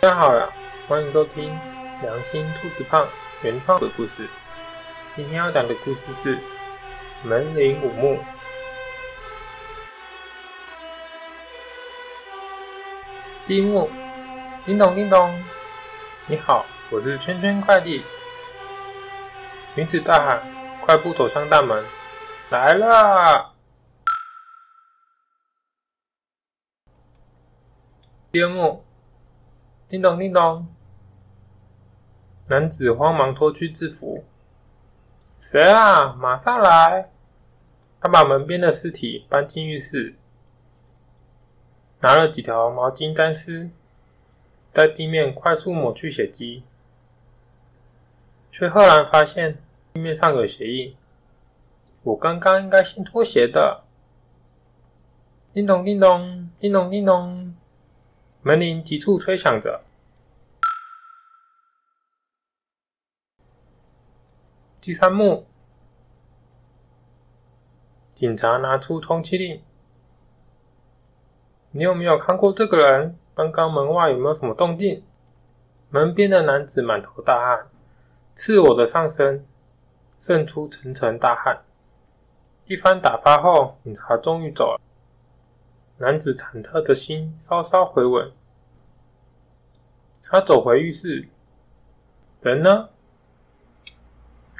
大家好呀，歡迎收聽《良心兔子胖》原創鬼故事。今天要講的故事是《門鈴五幕》。第一幕：叮咚叮咚，你好，我是圈圈快遞。女子大喊，快步走上大門，來啦！第二幕。叮咚，叮咚！男子慌忙脫去制服。誰啊？馬上來！他把門邊的屍體搬進浴室，拿了幾條毛巾沾濕，在地面快速抹去血跡，卻赫然發現地面上有血印。我剛剛應該先脫鞋的。叮咚，叮咚，叮咚，叮咚！門鈴急促吹響着。第三幕，警察拿出通緝令。你有沒有看過這個人？剛剛門外有沒有什麼動靜？門邊的男子滿頭大汗，赤裸的上身滲出層層大汗。一番打發後，警察終於走了。男子忐忑的心稍稍回穩，他走回浴室，人呢？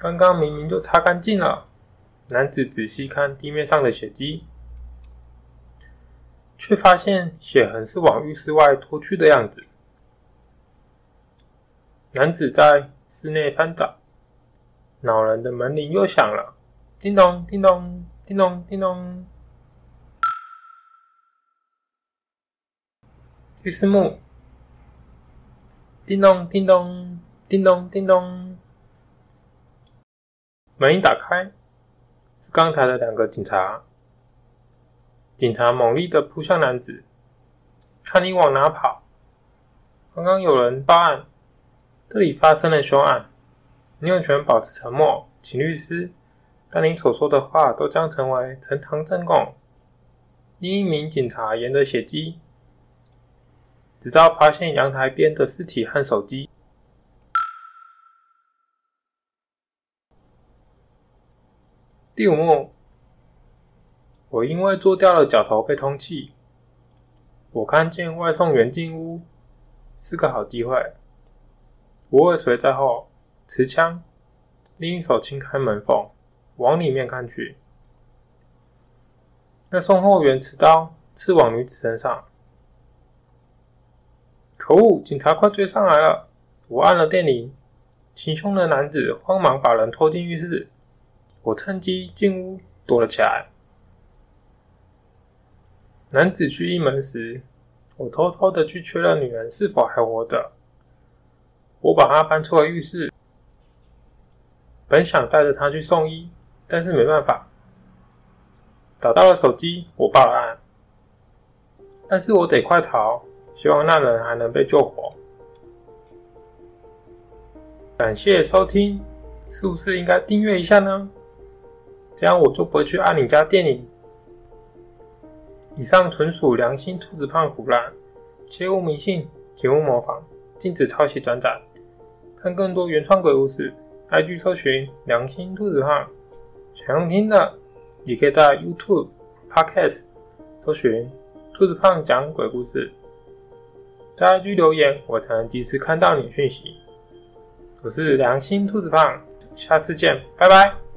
剛剛明明就擦乾淨了。男子仔細看地面上的血跡，卻發現血痕是往浴室外拖去的樣子。男子在室內翻找，惱人的門鈴又響了：叮咚，叮咚，叮咚，叮咚。第四幕，叮咚，叮咚，叮咚，叮咚。門一打開，是剛才的兩個警察。警察猛力的撲向男子，看你往哪跑！剛剛有人報案，這裡發生了凶案。你有權保持沉默，請律師。但您所說的話都將成為呈堂證供。一,一名警察沿着血跡，直到發現陽台邊的屍體和手機。第五幕，我因為做掉了腳頭被通緝，我看見外送員進屋，是個好機會。我尾隨在後，持槍，另一手輕開門縫，往裡面看去。那送貨員持刀刺往女子身上。可惡，警察快追上來了！我按了電鈴。行凶的男子慌忙把人拖進浴室。我趁機進屋躲了起來。男子去應門時，我偷偷的去確認女人是否還活着。我把她搬出了浴室，本想帶着她去送醫，但是沒辦法，找到了手機，我報了案。但是我得快逃，希望那人還能被救活。感謝收聽，是不是應該訂閱一下呢？這樣我就不會去按你家電鈴。以上純屬良心兔子胖虎爛，切勿迷信，切勿模仿，禁止抄襲轉載。看更多原創鬼故事，IG 搜尋“良心兔子胖”。想收聽的，你可以在 YouTube、Podcast 搜尋“兔子胖講鬼故事”。在 IG 留言，我才能及時看到你訊息。我是良心兔子胖，下次見，拜拜。